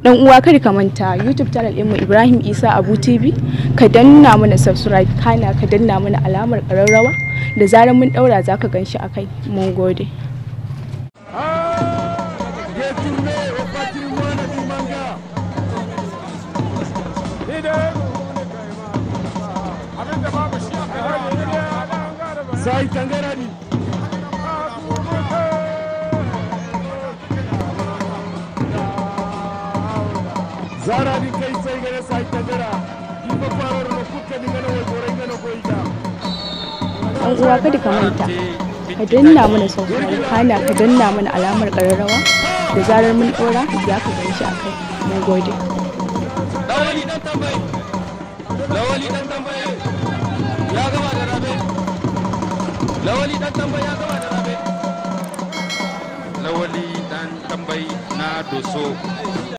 dan uwa kada ka manta youtube channel mu ibrahim isa abu tv ka danna mana subscribe kana ka danna mana alamar ƙararrawa da zarar mun ɗaura za ka akai mun gode Sai tangara wara di kai sai gane sai kadara di fa farar ma kuka ni gane wai gore gane goita an kada ka manta ka danna mana sauƙi kana ka danna mana alamar ƙararrawa da zarar mun ɗora ya ka gan shi a kai mun gode lawali dan tambaye lawali dan tambaye ya gama da rabe lawali dan tambaye ya gama da rabe lawali dan tambaye na doso